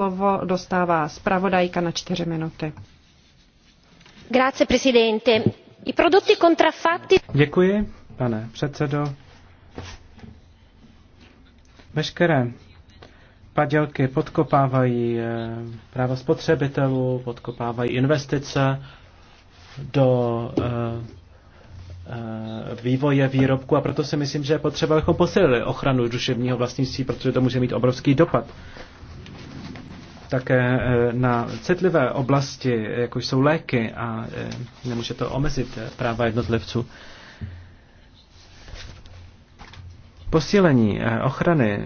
Slovo dostává zpravodajka na čtyři minuty. Děkuji, pane předsedo. Veškeré padělky podkopávají eh, práva spotřebitelů, podkopávají investice do eh, eh, vývoje výrobku a proto si myslím, že je potřeba, abychom posilili ochranu duševního vlastnictví, protože to může mít obrovský dopad také eh, na citlivé oblasti, jako jsou léky a eh, nemůže to omezit eh, práva jednotlivců. Posílení ochrany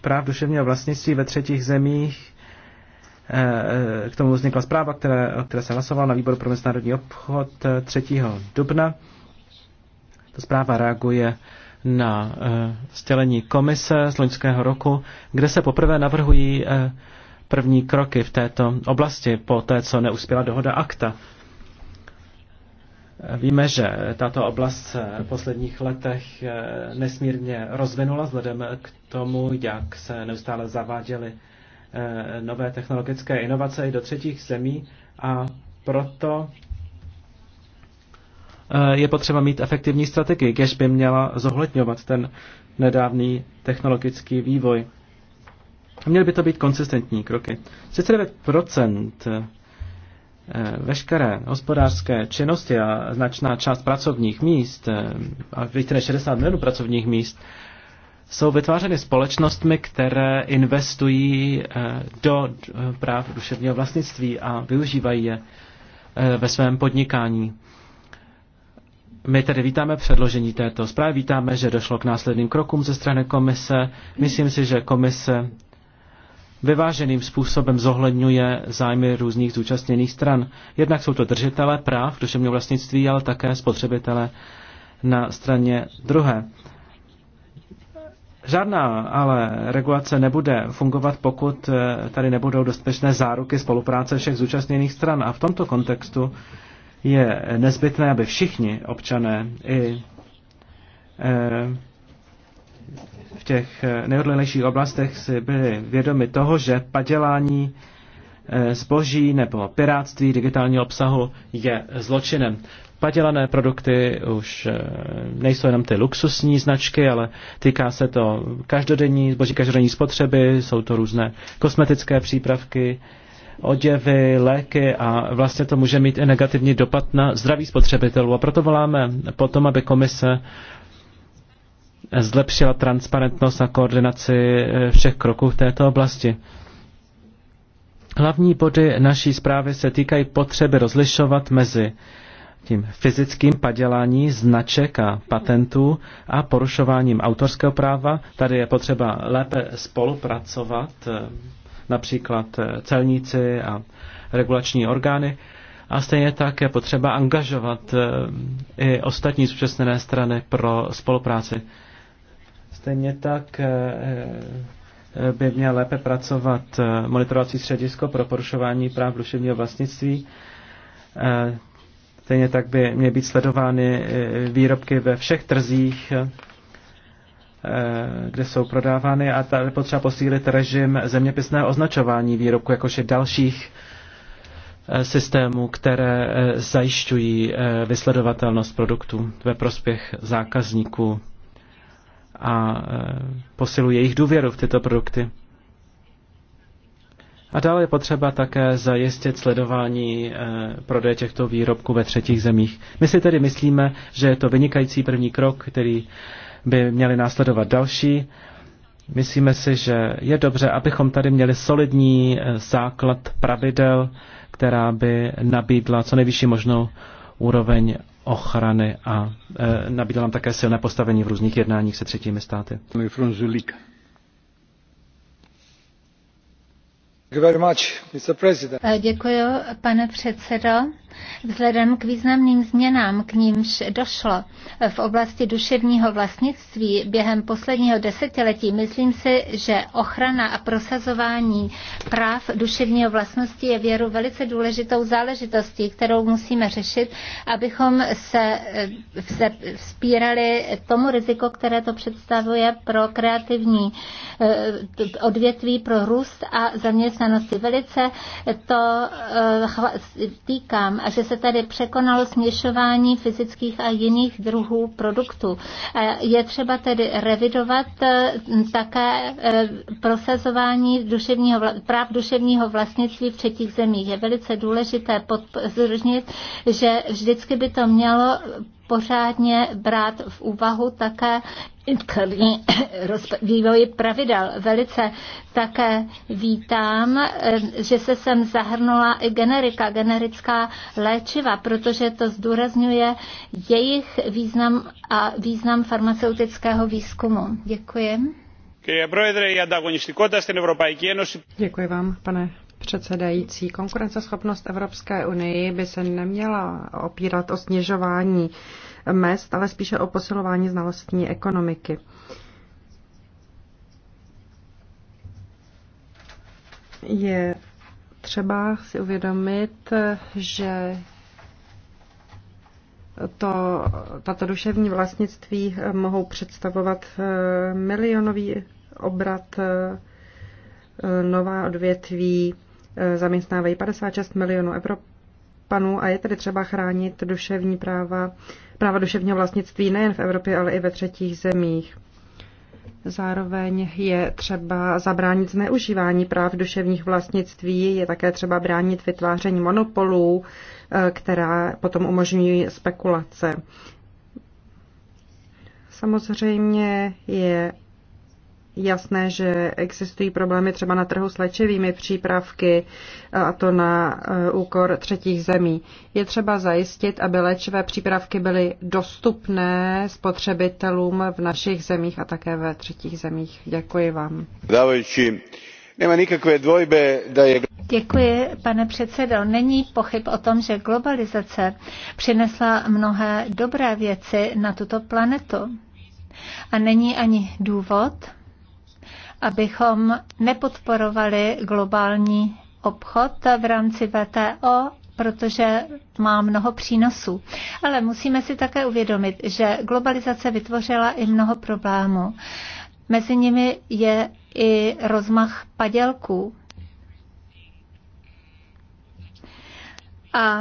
práv duševního vlastnictví ve třetích zemích k tomu vznikla zpráva, které, které se hlasovala na výboru pro mezinárodní obchod 3. dubna. Ta zpráva reaguje na stělení komise z loňského roku, kde se poprvé navrhují první kroky v této oblasti po té, co neuspěla dohoda akta. Víme, že tato oblast se v posledních letech eh, nesmírně rozvinula vzhledem k tomu, jak se neustále zaváděly eh, nové technologické inovace i do třetích zemí a proto eh, je potřeba mít efektivní strategii, kež by měla zohledňovat ten nedávný technologický vývoj. Měly by to být konsistentní kroky. 39% eh, veškeré hospodářské činnosti a značná část pracovních míst, eh, a více než 60 milionů pracovních míst, jsou vytvářeny společnostmi, které investují eh, do práv duševního vlastnictví a využívají je ve svém podnikání. My tedy vítáme předložení této zprávy, vítáme, že došlo k následným krokům ze strany komise. Myslím si, že komise vyváženým způsobem zohledňuje zájmy různých zúčastněných stran. Jednak jsou to držitele práv duševního vlastnictví, ale také spotřebitele na straně druhé. Žádná ale regulace nebude fungovat, pokud eh, tady nebudou dostatečné záruky spolupráce všech zúčastněných stran. A v tomto kontextu je nezbytné, aby všichni občané i eh, v těch eh, nejodlehlejších oblastech si byli vědomi toho, že padělání eh, zboží nebo pirátství digitálního obsahu je zločinem. Padělané produkty už eh, nejsou jenom ty luxusní značky, ale týká se to každodenní zboží, každodenní spotřeby, jsou to různé kosmetické přípravky, oděvy, léky a vlastně to může mít i negativní dopad na zdraví spotřebitelů. A proto voláme potom, aby komise zlepšila transparentnost a koordinaci eh, všech kroků v této oblasti. Hlavní body naší zprávy se týkají potřeby rozlišovat mezi tím fyzickým padělání značek a patentů a porušováním autorského práva. Tady je potřeba lépe spolupracovat, eh, například eh, celníci a regulační orgány. A stejně tak je potřeba angažovat i ostatní zúčastněné strany pro spolupráci. Stejně tak eh, eh, by měl lépe pracovat eh, monitorovací středisko pro porušování práv duševního vlastnictví. Stejně tak by měly být sledovány výrobky ve všech trzích, kde jsou prodávány a tady potřeba posílit režim zeměpisného označování výrobku, jakož je dalších systémů, které zajišťují vysledovatelnost produktů ve prospěch zákazníků a e, posiluje jejich důvěru v tyto produkty. A dále je potřeba také zajistit sledování e, prodeje těchto výrobků ve třetích zemích. My si tedy myslíme, že je to vynikající první krok, který by měli následovat další. Myslíme si, že je dobře, abychom tady měli solidní e, základ pravidel, která by nabídla co nejvyšší možnou úroveň ochrany a e, nabídl nám také silné postavení v různých jednáních se třetími státy. Eh, děkuji, pane předsedající. Vzhledem k významným změnám, k nímž došlo eh, v oblasti duševního vlastnictví během posledního desetiletí, myslím si, že ochrana a prosazování práv duševního vlastnosti je věru velice důležitou záležitostí, kterou musíme řešit, abychom se eh, vzpírali tomu riziku, které to představuje pro kreativní odvětví, pro růst a zaměstnanost zaměstnanosti. Velice to týkám eh, a že se tady překonalo směšování fyzických a jiných druhů produktů. Eh, je třeba tedy revidovat eh, také prosazování duševního, práv duševního vlastnictví v třetích zemích. Je velice důležité zdůraznit, že vždycky by to mělo pořádně brát v úvahu také vývoj pravidel. Velice také vítám, eh, že se sem zahrnula i generika, generická léčiva, protože to zdůrazňuje jejich význam a význam farmaceutického výzkumu. Děkuji. Děkuji vám, pane předsedající. Konkurenceschopnost Evropské unii by se neměla opírat o snižování mest, ale spíše o posilování znalostní ekonomiky. Je třeba si uvědomit, že to, tato duševní vlastnictví mohou představovat eh, milionový obrat eh, nová odvětví Eh, zaměstnávají 56 milionů Evropanů a je tedy třeba chránit duševní práva, práva duševního vlastnictví nejen v Evropě, ale i ve třetích zemích. Zároveň je třeba zabránit zneužívání práv duševních vlastnictví, je také třeba bránit vytváření monopolů, eh, která potom umožňují spekulace. Samozřejmě je jasné, že existují problémy třeba na trhu s léčivými přípravky, a to na eh, úkor třetích zemí. Je třeba zajistit, aby léčivé přípravky byly dostupné spotřebitelům v našich zemích a také ve třetích zemích. Děkuji vám. Dávající. Nemá nikakve dvojbe, da je... Děkuji, pane předsedo. Není pochyb o tom, že globalizace přinesla mnohé dobré věci na tuto planetu. A není ani důvod, abychom nepodporovali globální obchod v rámci VTO, protože má mnoho přínosů. Ale musíme si také uvědomit, že globalizace vytvořila i mnoho problémů. Mezi nimi je i rozmach padělků. A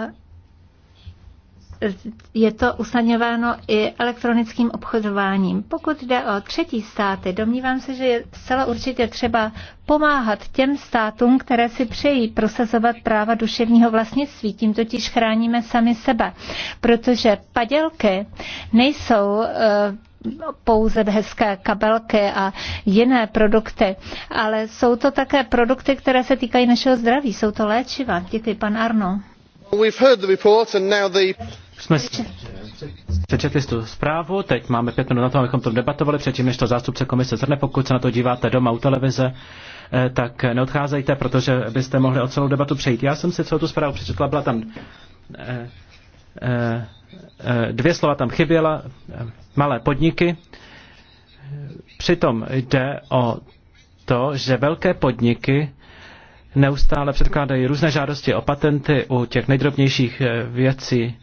je to usnadňováno i elektronickým obchodováním. Pokud jde o třetí státy, domnívám se, že je zcela určitě třeba pomáhat těm státům, které si přejí prosazovat práva duševního vlastnictví. Tím totiž chráníme sami sebe, protože padělky nejsou eh, pouze hezké kabelky a jiné produkty, ale jsou to také produkty, které se týkají našeho zdraví. Jsou to léčiva. Děkuji, pan Arno. We've heard the report and now the jsme přečetli tu zprávu, teď máme pět minut na to, abychom to debatovali, předtím než to zástupce komise zhrne, pokud se na to díváte doma u televize, eh, tak neodcházejte, protože byste mohli o celou debatu přejít. Já jsem si celou tu zprávu přečetla, byla tam eh, eh, dvě slova tam chyběla, malé podniky. Přitom jde o to, že velké podniky neustále předkládají různé žádosti o patenty u těch nejdrobnějších věcí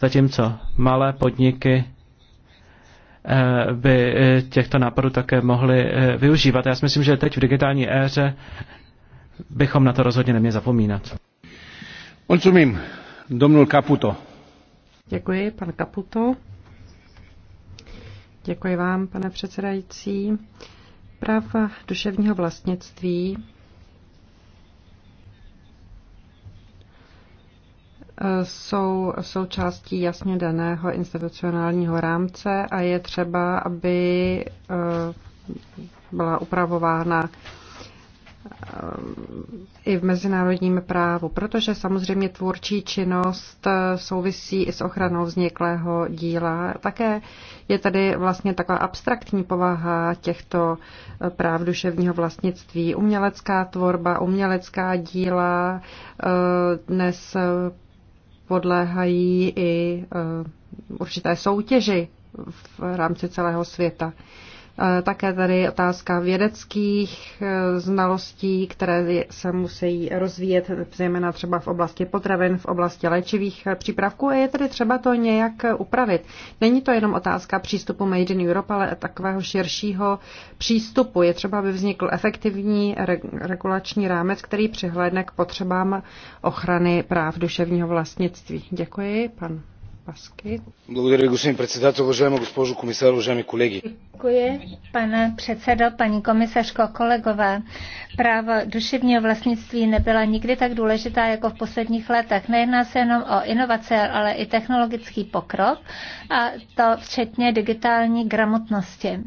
zatímco malé podniky eh, by eh, těchto nápadů také mohly eh, využívat. Já si myslím, že teď v digitální éře bychom na to rozhodně neměli zapomínat. Mulțumim, domnul Caputo. Děkuji, pan Caputo. Děkuji vám, pane předsedající. Práva duševního vlastnictví jsou součástí jasně daného institucionálního rámce a je třeba, aby eh, byla upravována eh, i v mezinárodním právu, protože samozřejmě tvůrčí činnost eh, souvisí i s ochranou vzniklého díla. Také je tady vlastně taková abstraktní povaha těchto práv duševního vlastnictví. Umělecká tvorba, umělecká díla dnes podléhají i eh, určité soutěži v rámci celého světa. Eh, také tady otázka vědeckých eh, znalostí, které se musí rozvíjet, zejména třeba v oblasti potravin, v oblasti léčivých eh, přípravků a je tedy třeba to nějak upravit. Není to jenom otázka přístupu Made in Europe, ale takového širšího přístupu. Je třeba, aby vznikl efektivní regulační rámec, který přihlédne k potřebám ochrany práv duševního vlastnictví. Děkuji, pan Благодаря, господин председател, уважаема госпожо комисар, уважаеми колеги. Děkuji, pane předsedo, paní komisařko, kolegové. Práva duševního vlastnictví nebyla nikdy tak důležitá jako v posledních letech. Nejedná se jenom o inovace, ale i technologický pokrok a to včetně digitální gramotnosti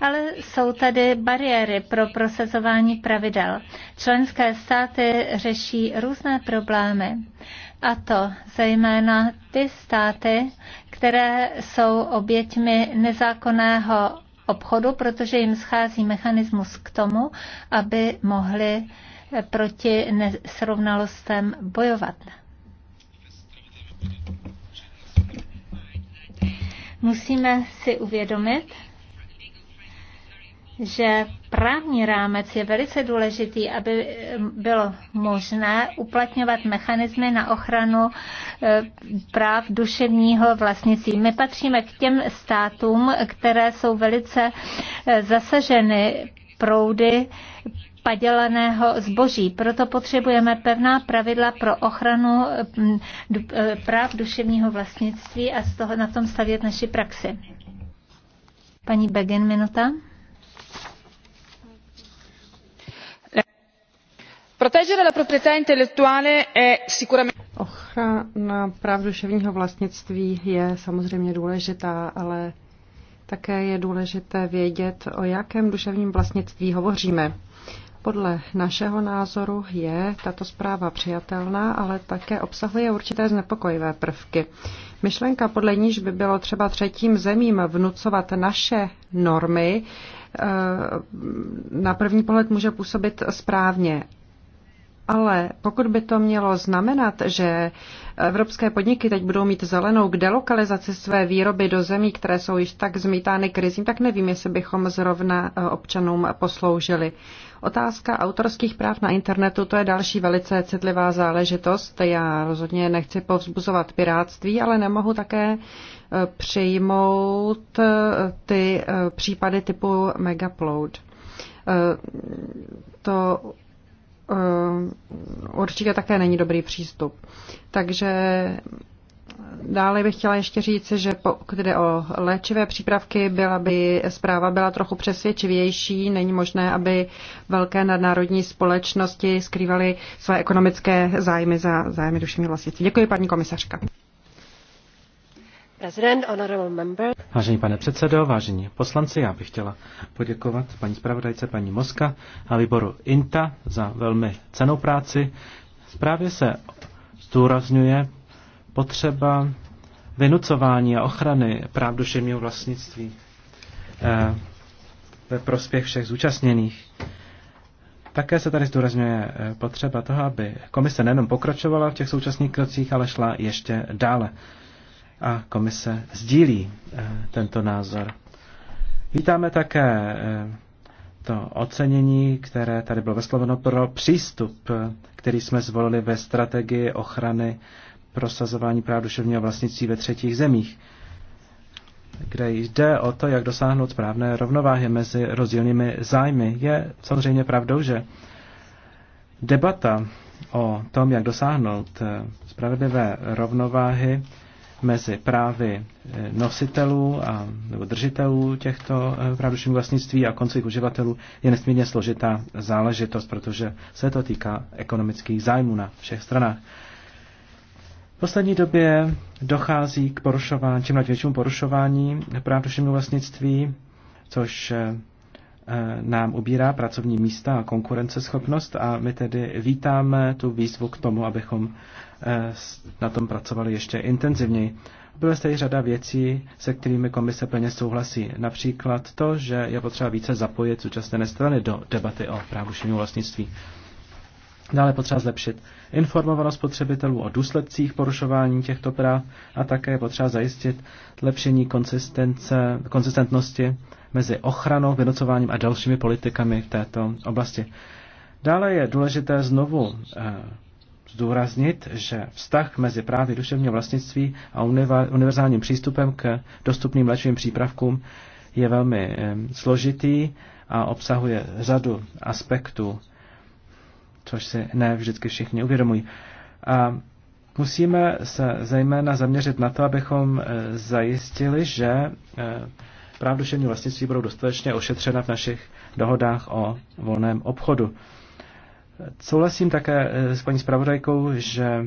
ale jsou tady bariéry pro prosazování pravidel. Členské státy řeší různé problémy, a to zejména ty státy, které jsou oběťmi nezákonného obchodu, protože jim schází mechanismus k tomu, aby mohli eh, proti nesrovnalostem bojovat. Musíme si uvědomit, že právní rámec je velice důležitý, aby eh, bylo možné uplatňovat mechanismy na ochranu eh, práv duševního vlastnictví. My patříme k těm státům, které jsou velice eh, zasaženy proudy padělaného zboží. Proto potřebujeme pevná pravidla pro ochranu mm, práv duševního vlastnictví a z toho na tom stavět naši praxi. Paní Begin, minuta. proteggere la proprietà intellettuale è sicuramente. ochrana práv duševního vlastnictví je samozřejmě důležitá ale také je důležité vědět o jakém duševním vlastnictví hovoříme. Podle našeho názoru je tato zpráva přijatelná, ale také obsahuje určité znepokojivé prvky. Myšlenka, podle níž by bylo třeba třetím zemím vnucovat naše normy, eh, na první pohled může působit správně, ale pokud by to mělo znamenat, že evropské podniky teď budou mít zelenou k delokalizaci své výroby do zemí, které jsou již tak zmítány krizím, tak nevím, jestli bychom zrovna eh, občanům posloužili. Otázka autorských práv na internetu, to je další velice citlivá záležitost. Já rozhodně nechci povzbuzovat pirátství, ale nemohu také eh, přijmout eh, ty případy typu Megapload. To Eh, určitě také není dobrý přístup. Takže Dále bych chtěla ještě říct, že pokud jde o léčivé přípravky, byla by zpráva byla trochu přesvědčivější. Není možné, aby velké nadnárodní společnosti skrývaly své ekonomické zájmy za zájmy duševního vlastnictví. Děkuji, paní komisařka. Vážený pane předsedo, vážení poslanci, já bych chtěla poděkovat paní zpravodajce, paní Moska a výboru INTA za velmi cenou práci. Zprávě se zdůrazňuje potřeba vynucování a ochrany práv duševního vlastnictví eh, ve prospěch všech zúčastněných. Také se tady zdůrazňuje eh, potřeba toho, aby komise nejenom pokračovala v těch současných krocích, ale šla ještě dále a komise sdílí eh, tento názor. Vítáme také eh, to ocenění, které tady bylo vysloveno pro přístup, eh, který jsme zvolili ve strategii ochrany prosazování práv duševního vlastnictví ve třetích zemích, kde jde o to, jak dosáhnout správné rovnováhy mezi rozdílnými zájmy. Je samozřejmě pravdou, že debata o tom, jak dosáhnout spravedlivé rovnováhy, mezi právy eh, nositelů a, nebo držitelů těchto eh, práv duševního vlastnictví a koncových uživatelů je nesmírně složitá záležitost, protože se to týká ekonomických zájmů na všech stranách. V poslední době dochází k porušování, čím na větším porušování práv duševního vlastnictví, což eh, Eh, nám ubírá pracovní místa a konkurenceschopnost a my tedy vítáme tu výzvu k tomu, abychom eh, na tom pracovali ještě intenzivněji. Byla zde i řada věcí, se kterými komise plně souhlasí. Například to, že je potřeba více zapojit současné strany do debaty o právu vlastnictví. Dále potřeba zlepšit informovanost spotřebitelů o důsledcích porušování těchto práv a také potřeba zajistit zlepšení konzistentnosti mezi ochranou, vynocováním a dalšími politikami v této oblasti. Dále je důležité znovu eh, zdůraznit, že vztah mezi právy duševního vlastnictví a univerzálním přístupem k dostupným léčivým přípravkům je velmi eh, složitý a obsahuje řadu aspektů což si ne vždycky všichni uvědomují. A musíme se zejména zaměřit na to, abychom e, zajistili, že e, práv duševní vlastnictví budou dostatečně ošetřena v našich dohodách o volném obchodu. Souhlasím také e, s paní zpravodajkou, že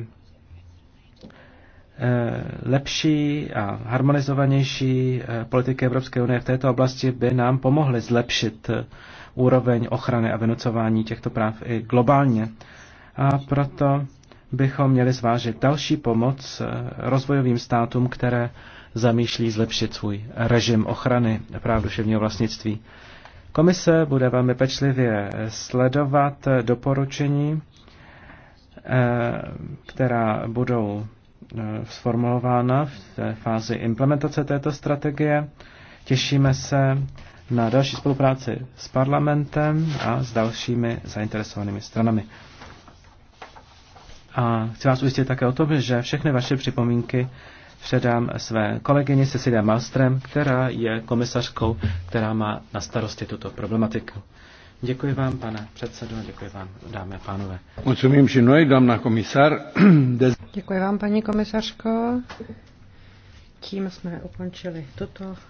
Eh, lepší a harmonizovanější eh, politiky Evropské unie v této oblasti by nám pomohly zlepšit eh, úroveň ochrany a vynucování těchto práv i globálně. A proto bychom měli zvážit další pomoc rozvojovým státům, které zamýšlí zlepšit svůj režim ochrany práv duševního vlastnictví. Komise bude velmi pečlivě sledovat doporučení, která budou Eh, sformulována v té fázi implementace této strategie. Těšíme se na další spolupráci s parlamentem a s dalšími zainteresovanými stranami. A chci vás ujistit také o tom, že všechny vaše připomínky předám své kolegyni Cecilia Malstrem, která je komisařkou, která má na starosti tuto problematiku. Děkuji vám, pane předsedo, děkuji vám, dámy a pánové. že noj, dám na komisar. Děkuji vám, paní komisařko. Tím jsme ukončili tuto